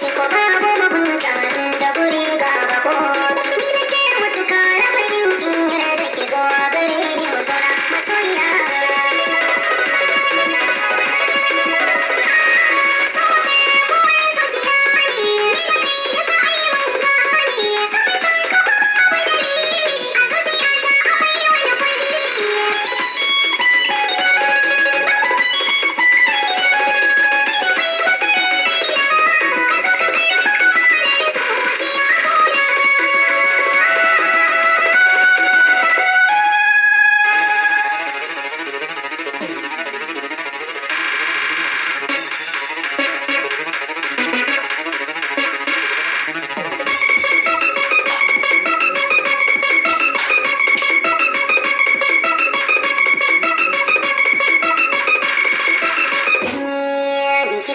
Música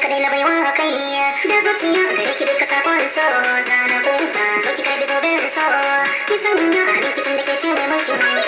kadai na baiwa kai da zuciya gare ki duka sakon so zana kunta zo ki karbi zo bin so ki sanya a hannun kitin da ke ce mai mulki